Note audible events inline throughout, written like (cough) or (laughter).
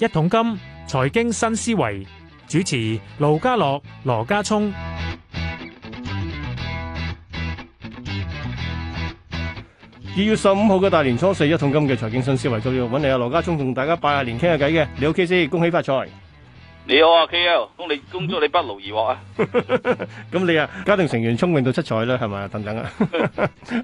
一桶金財經新思維主持盧家樂羅家聰，二月十五號嘅大年初四一桶金嘅財經新思維，都要揾你呀羅家聰同大家拜下年傾下偈嘅，你 OK 先，恭喜發財。你好啊，K L，咁你恭祝你不勞而獲啊！咁 (laughs) 你啊，家庭成員聰明到七彩啦，係咪啊？等等啊，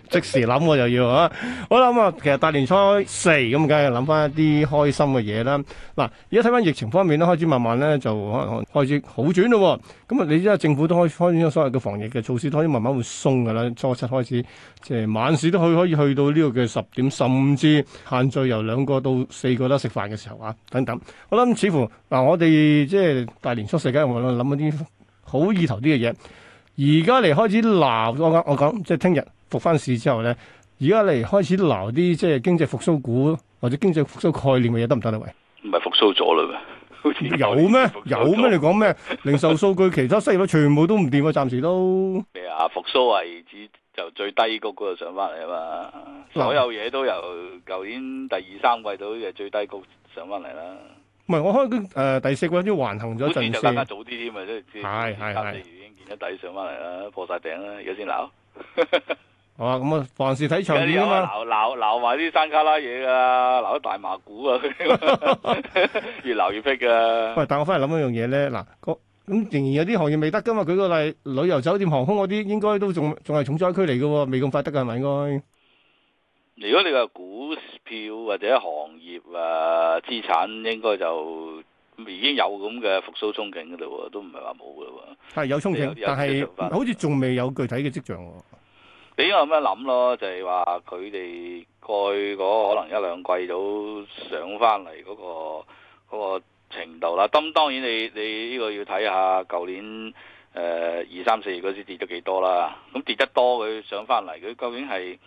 (laughs) 即時諗我又要啊！好啦，咁啊，其實大年初四咁，梗係諗翻一啲開心嘅嘢啦。嗱，而家睇翻疫情方面咧，開始慢慢咧就開始好轉咯。咁啊，你依家政府都開開始咗所謂嘅防疫嘅措施，開始慢慢會鬆噶啦。初七開始，即係晚市都可以可以去到呢個嘅十點，甚至限聚由兩個到四個啦。食飯嘅時候啊，等等。我諗似乎嗱，我哋。即係大年初四，梗係我諗一啲好意頭啲嘅嘢。而家嚟開始撈我講，我講即係聽日復翻市之後咧，而家嚟開始撈啲即係經濟復蘇股或者經濟復蘇概念嘅嘢得唔得啊？喂，唔係復蘇咗啦好似有咩？有咩？你講咩？零售數據、其他失業率全部都唔掂啊！暫時都啊，復蘇為止就最低谷嗰度上翻嚟啊嘛。所有嘢都有由舊年第二、三季度嘅最低谷上翻嚟啦。唔係，我開緊誒第四個已經橫行咗一陣先，係係係，啱啱已經見到底上翻嚟啦，破曬頂啦，而家先鬧。啊，咁啊，凡事睇長啲啊嘛，鬧鬧鬧埋啲山卡拉嘢噶，鬧啲大麻股啊，越鬧越闢噶。喂，但係我翻嚟諗一樣嘢咧，嗱，咁仍然有啲行業未得噶嘛。舉個例，旅遊酒店、航空嗰啲，應該都仲仲係重災區嚟噶喎，未咁快得㗎係咪應該？如果你話股票或者行業啊資產，應該就已經有咁嘅復甦憧憬嘅嘞，都唔係話冇噶喎。係有憧憬，有但係好似仲未有具體嘅跡象。你應該咁樣諗咯，就係話佢哋蓋嗰可能一兩季度上翻嚟嗰個、嗰個程度啦。咁當然你你呢個要睇下舊年誒、呃、二三四月嗰時跌咗幾多啦。咁跌得多佢上翻嚟，佢究竟係？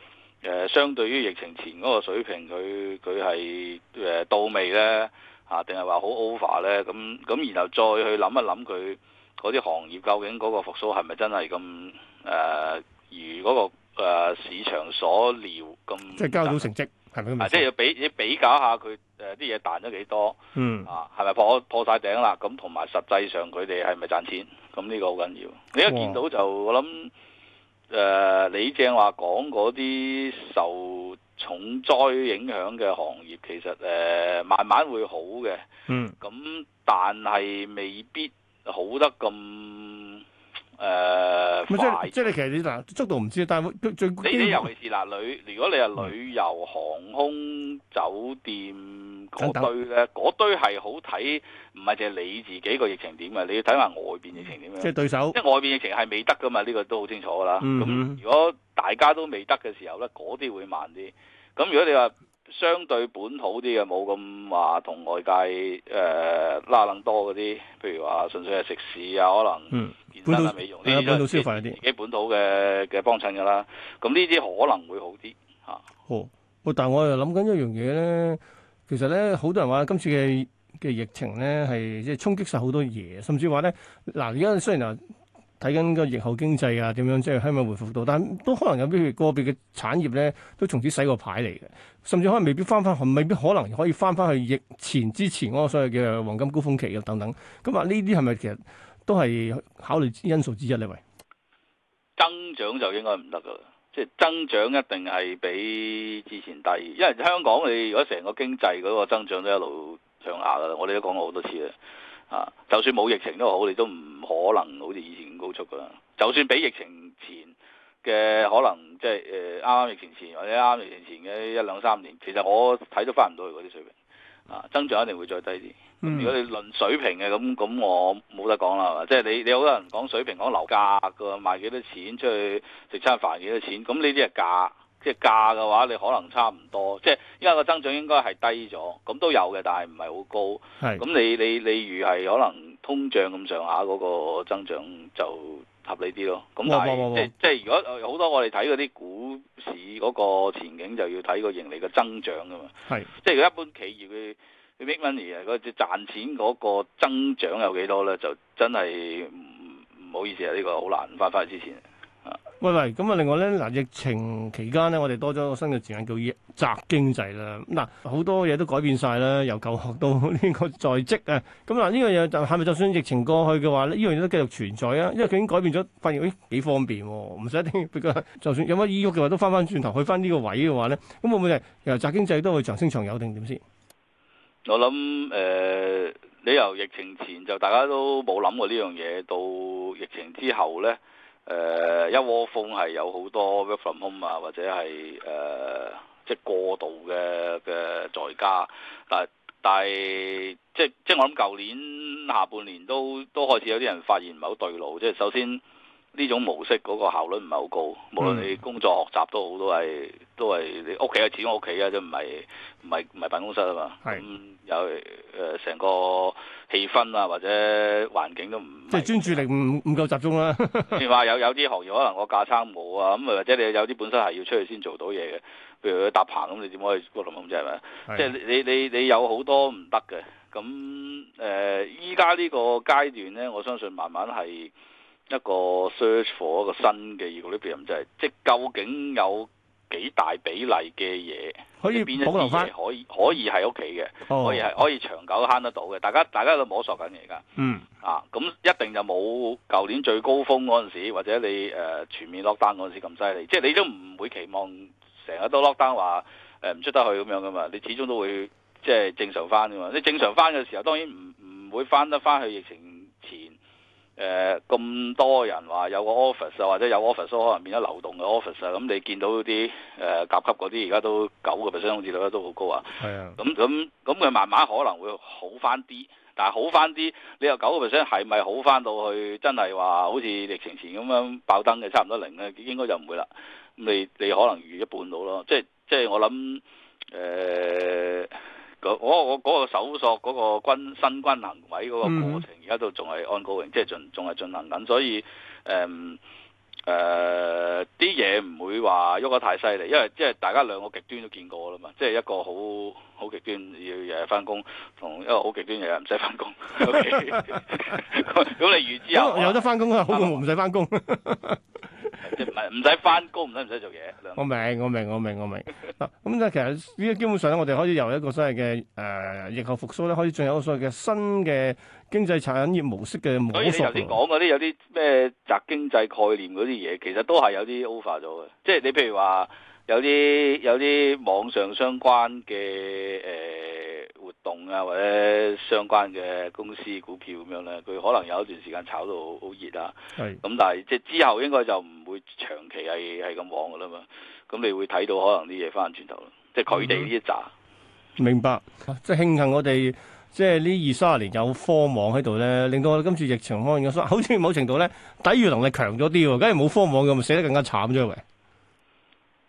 誒、呃、相對於疫情前嗰個水平，佢佢係誒到未咧嚇，定係話好 over 咧？咁、啊、咁然後再去諗一諗佢嗰啲行業究竟嗰個復甦係咪真係咁誒？如嗰、嗰個、呃、市場所料咁，即係交到成績係咪即係要比比較下佢誒啲嘢彈咗幾多？嗯啊，係咪破破曬頂啦？咁同埋實際上佢哋係咪賺錢？咁呢個好緊要。你一見到就我諗。誒、你、uh, 正話講嗰啲受重災影響嘅行業，其實誒、uh, 慢慢會好嘅，嗯，咁但係未必好得咁。誒、呃疑，即係即係，你其實你嗱，速度唔知，但係最，你，最你尤其是嗱，旅、呃、如果你係旅遊、航空、酒店嗰堆咧，嗰堆係好睇，唔係淨係你自己個疫情點啊？你要睇下外邊疫情點樣。即係對手，即係外邊疫情係未得噶嘛？呢、這個都好清楚噶啦。咁、嗯、如果大家都未得嘅時候咧，嗰、那、啲、個、會慢啲。咁、那個、如果你話，相對本土啲嘅冇咁話同外界誒、呃、拉楞多嗰啲，譬如話純粹係食肆啊，可能嗯，本土美容啲本土消費，啲都自己本土嘅嘅幫襯噶啦，咁呢啲可能會好啲吓。好、啊，喂、哦，但係我又諗緊一樣嘢咧，其實咧好多人話今次嘅嘅疫情咧係即係衝擊晒好多嘢，甚至話咧嗱，而家雖然嗱。睇緊個疫後經濟啊，點樣即係香港回復到？但都可能有啲個別嘅產業咧，都從此洗個牌嚟嘅，甚至可能未必返返去，未必可能可以返返去疫前之前嗰、啊、個所謂嘅黃金高峰期嘅、啊、等等。咁啊，呢啲係咪其實都係考慮因素之一呢？喂，增長就應該唔得噶啦，即係增長一定係比之前低，因為香港你如果成個經濟嗰個增長都一路向下噶啦，我哋都講過好多次啦。啊！就算冇疫情都好，你都唔可能好似以前咁高速噶啦。就算比疫情前嘅可能、就是，即係誒啱啱疫情前或者啱疫情前嘅一兩三年，其實我睇都翻唔到去嗰啲水平。啊，增長一定會再低啲。咁如果你論水平嘅咁，咁我冇得講啦，係嘛？即係你，你好多人講水平，講樓價個賣幾多錢出去食餐飯幾多錢，咁呢啲係價。即係價嘅話，你可能差唔多，即係因為個增長應該係低咗，咁都有嘅，但係唔係好高。咁是你你例如係可能通脹咁上下嗰個增長就合理啲咯。咁但係即係即係如果好、呃、多我哋睇嗰啲股市嗰個前景，就要睇個盈利嘅增長噶嘛。係是即係一般企業嘅嘅 make money 而係嗰隻賺錢嗰個增長有幾多咧？就真係唔唔好意思啊！呢、呢個好難翻翻去之前。喂喂，咁啊，另外咧，嗱，疫情期間咧，我哋多咗個新嘅字眼叫宅經濟啦。嗱，好多嘢都改變晒啦，由求學到呢個在職啊。咁、嗯、嗱，呢樣嘢就係咪就算疫情過去嘅話咧，呢樣嘢都繼續存在啊？因為佢已經改變咗，發現誒、哎、幾方便喎、哦，唔使一定。 (laughs) 就算有乜依鬱嘅話，都翻翻轉頭去翻呢個位嘅話咧，咁會唔會係誒宅經濟都會長升長有定點先？我諗誒、呃，你由疫情前就大家都冇諗過呢樣嘢，到疫情之後咧。誒、呃、一窩蜂係有好多 work from home 啊，或者係誒、呃、即係過度嘅嘅在家，但係但係即即我諗舊年下半年都都開始有啲人發現唔係好對路，即係首先呢種模式嗰個效率唔係好高，嗯、無論你工作學習都好，都係都係你屋企啊，始終屋企啊，即唔係唔係唔係辦公室啊嘛，咁是、嗯、有誒成、呃、個。氣氛啊，或者環境都唔即係專注力唔唔夠集中啦啊。你 (laughs) 話有有啲行業可能我架撐冇啊，咁或者你有啲本身係要出去先做到嘢嘅，譬如去搭棚咁的，你點可以孤立冇人啫？係咪？即係你你你有好多唔得嘅。咁誒、依、呃、家呢個階段咧，我相信慢慢係一個 search for 一,一個新嘅呢邊，即係即係究竟有。幾大比例嘅嘢可以變一啲嘢可以可以喺屋企嘅，哦、可以係可以長久慳得到嘅。大家大家都摸索緊而家嗯啊，咁一定就冇舊年最高峰嗰陣時，或者你誒、呃、全面 lockdown 嗰陣時咁犀利，即係你都唔會期望成日都 lockdown，話誒唔出得去咁樣噶嘛。你始終都會即係正常翻噶嘛。你正常翻嘅時候，當然唔唔會翻得翻去疫情。誒咁、呃、多人話有個 office 啊，或者有 office 可能變咗流動嘅 office 啊，咁、嗯、你見到啲誒、呃、甲級嗰啲而家都九個 percent，空置率都好高啊。係啊的，咁咁咁佢慢慢可能會好翻啲，但係好翻啲，你有九個 percent 係咪好翻到去？真係話好似疫情前咁樣爆燈嘅差唔多零咧，應該就唔會啦。咁你你可能預一半到咯，即係即係我諗誒。呃我我嗰個搜索嗰、嗰個軍新軍行為嗰個過程 ing,，而家都仲係 ongoing，即係進仲係進行緊，所以誒誒啲嘢唔會話喐得太犀利，因為即係大家兩個極端都見過啦嘛，即係一個好好極端要日日翻工，同一個好極端日日唔使翻工。咁 (laughs) (laughs) (laughs) 你預之後有 (laughs) 得翻工啊？ (laughs) 好過唔使翻工。 (laughs) (laughs) 唔使翻工，唔使唔使做嘢。我明，我明，我明，我 (laughs) 明、嗯。嗱、嗯，咁即係其實呢，基本上咧，我哋可以由一個所謂嘅誒疫後復甦咧，可以進入一個所謂嘅新嘅經濟產業模式嘅模式。所以你頭先講嗰啲有啲咩宅經濟概念嗰啲嘢，其實都係有啲 over 咗嘅，即係你譬如話，有啲有啲網上相關嘅誒、呃、活動啊，或者相關嘅公司股票咁樣咧，佢可能有一段時間炒到好熱啊。係咁是、嗯，但係即係之後應該就唔會長期係係咁旺噶啦嘛。咁、嗯、你會睇到可能啲嘢翻翻轉頭，即係佢哋呢一扎、嗯。明白，即係慶幸我哋即係呢二卅年有科網喺度咧，令到我哋今次疫情方面嘅好似某程度咧抵禦能力強咗啲喎。梗係冇科網嘅，咪死得更加慘啫喎！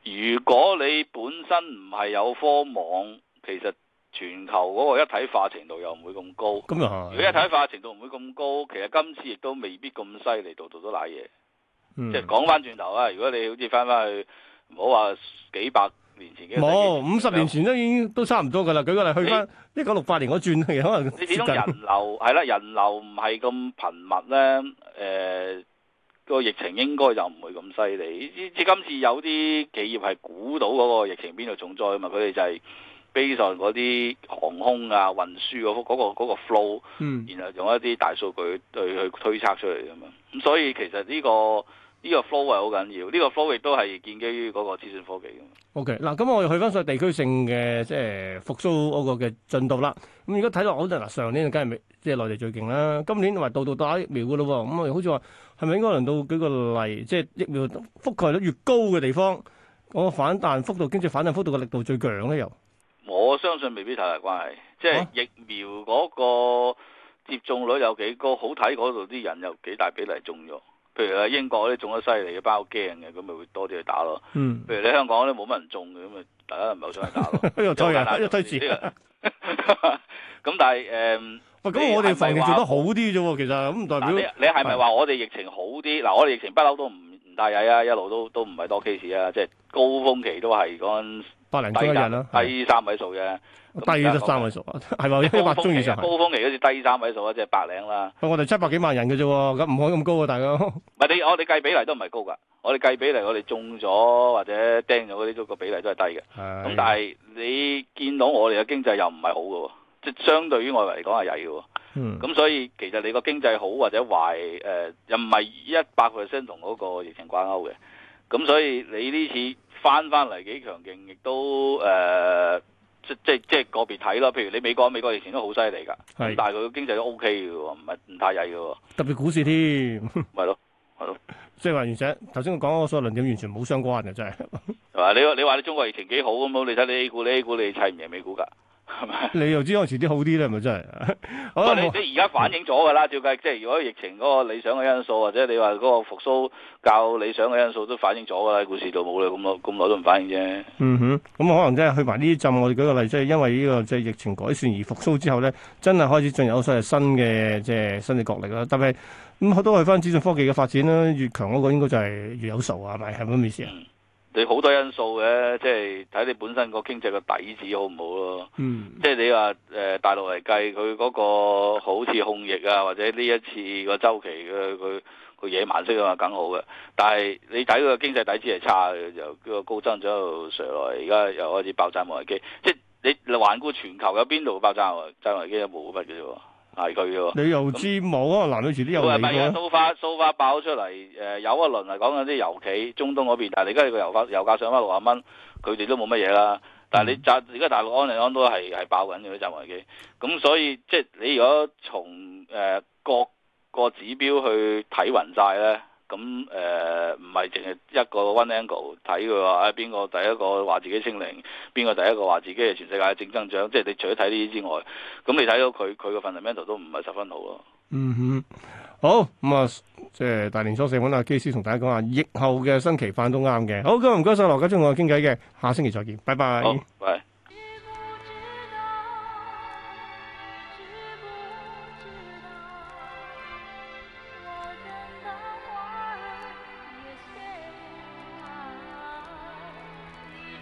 如果你本身唔係有科網，其實全球嗰個一體化程度又唔會咁高。咁啊， (music) 如果一體化程度唔會咁高，其實今次亦都未必咁犀利，度度都瀨嘢。嗯、即係講翻轉頭啊，如果你好似翻翻去，唔好話幾百年前嘅，冇五十年前都已經都差唔多噶啦。舉個例，去翻一九六八年嗰轉，可能你， (laughs) (laughs) 你始終人流係啦，人流唔係咁頻密咧，誒、呃。個疫情應該就唔會咁犀利。至今次有啲企業係估到嗰個疫情邊度重災啊嘛，佢哋就係 base on 嗰啲航空啊、運輸嗰，嗰個 flow，然後用一啲大數據去去推測出嚟啊嘛。咁所以其實呢個呢個 flow 位好緊要，呢、這個 flow 位都係建基於嗰個資訊科技嘅。O K，嗱咁我又去翻晒地區性嘅即係復甦嗰個嘅進度啦。咁而家睇落好啲，嗱上年梗係未即係內地最勁啦。今年同埋度度打疫苗嘅咯喎，我哋好似話係咪應該輪到舉個例，即係疫苗覆蓋率越高嘅地方，嗰、那個、反彈幅度經濟反彈幅度嘅力度最強咧？又我相信未必太大關係，即係疫苗嗰個接種率有幾高，啊、好睇嗰度啲人有幾大比例中咗。譬如啊，英國嗰啲種得犀利嘅包驚嘅，咁咪會多啲去打咯。嗯，譬如你香港嗰冇乜人中嘅，咁咪大家唔係好想去打咯。一堆 (laughs) 人，一堆事。咁、這個、 (laughs) 但係誒，喂、嗯，咁我哋防疫做得好啲啫喎，其實咁唔代表你係咪話我哋疫情好啲？嗱的，我哋疫情不嬲都唔唔大嘢啊，一路都都唔係多 case 啊，即係高峰期都係講百零幾人咯，低三位數嘅。低三位數啊，係嘛？一萬宗以上。高峰期好似低三位數啊，即係百零啦。我哋七百幾萬人嘅啫，咁唔可以咁高啊，大家。唔係，你我哋計比例都唔係高噶。我哋計比例我，我哋中咗或者釘咗嗰啲都個比例都係低嘅。咁但係你見到我哋嘅經濟又唔係好嘅，即係相對於我嚟講係弱嘅。嗯，咁所以其實你個經濟好或者壞，誒，又唔係一百 percent 同嗰個疫情掛鈎嘅。咁所以你呢次翻翻嚟幾強勁，亦都誒。呃即即即個別睇啦，譬如你美國，美國疫情都好犀利噶，咁是但係佢經濟都 O K 嘅喎，唔係唔太曳嘅喎，特別股市添，咪咯， (laughs) 咪咯，所以話元姐頭先講嗰個所有論點完全冇相關嘅真係，係嘛？你你話你中國疫情幾好咁，好，你睇你 A 股，你 A 股你砌唔贏美股㗎？係咪？ (laughs) 你又知我遲啲好啲咧？係、就、咪、是、真係？ (laughs) 好啦，即係而家反映咗噶啦。照計，即係如果疫情嗰個理想嘅因素，或者你話嗰個復蘇較理想嘅因素，都反映咗噶啦。股市就冇啦，咁耐咁耐都唔反映啫。嗯哼，咁、嗯、可能真係去埋呢啲浸。我哋舉個例，即係因為呢個即係疫情改善而復蘇之後咧，真係開始進入咗新嘅即係新嘅角力啦。但係咁都係翻資訊科技嘅發展啦。越強嗰個應該就係越有數啊？係咪係咪先？嗯.你好多因素嘅，即係睇你本身個經濟個底子好唔好咯。嗯，即係你話誒、呃、大陸嚟計，佢嗰個好似控疫啊，或者呢一次個周期嘅佢佢野蠻式啊嘛，梗好嘅。但係你睇個經濟底子係差，由個高增長到上來，而家又開始爆債務危機。即係你環顧全球，有邊度爆債務危機？即係冇乜嘅啫。係佢你又知冇啊？男女事都有你啊！咪啊、嗯，蘇花蘇花爆出嚟，誒，有一輪嚟講緊啲油企，中東嗰邊，但係而家個油價油價上翻六啊蚊，佢哋都冇乜嘢啦。但係你集而家大陸安利安都係係爆緊嘅啲債務危機，咁所以即係你如果從誒各個指標去睇雲債咧，咁誒，唔係淨係一個 one angle 睇佢話，誒邊個第一個話自己清零，邊個第一個話自己係全世界嘅正增長，即係你除咗睇呢啲之外，咁你睇到佢佢個 fundamental 都唔係十分好咯。嗯哼，好咁啊，即係大年初四搵阿基師同大家講下疫後嘅新期飯都啱嘅。好，今日唔該晒羅家聰，我哋傾偈嘅，下星期再見，拜拜。好，拜拜。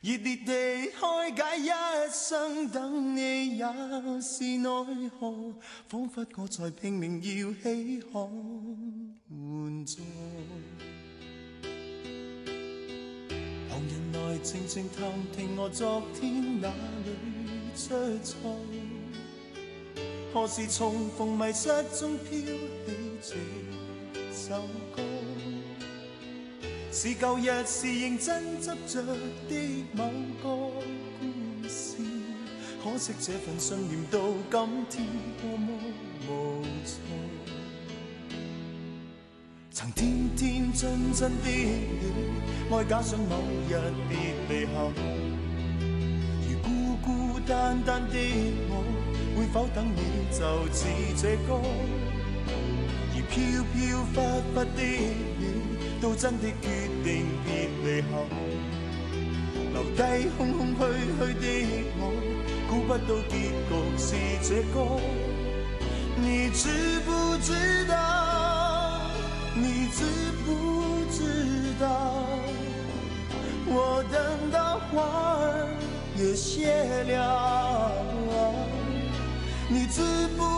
熱烈地開解，一生等你也是奈何，彷彿我在拼命要起航換座。旁人來靜靜探聽我昨天哪裏出錯，何時重逢迷失中飄起這首歌。是舊日是認真執着的某個故事，可惜這份信念到今天多麼無錯。曾天天真真的你，愛假想某日別離後，而孤孤單單的我，會否等你？就似這歌，而飄飄忽忽的。都真的決定別離後，留低空空虛虛的我，估不到結局是這個。你知不知道？你知不知道？我等到花兒也謝了。你知不知？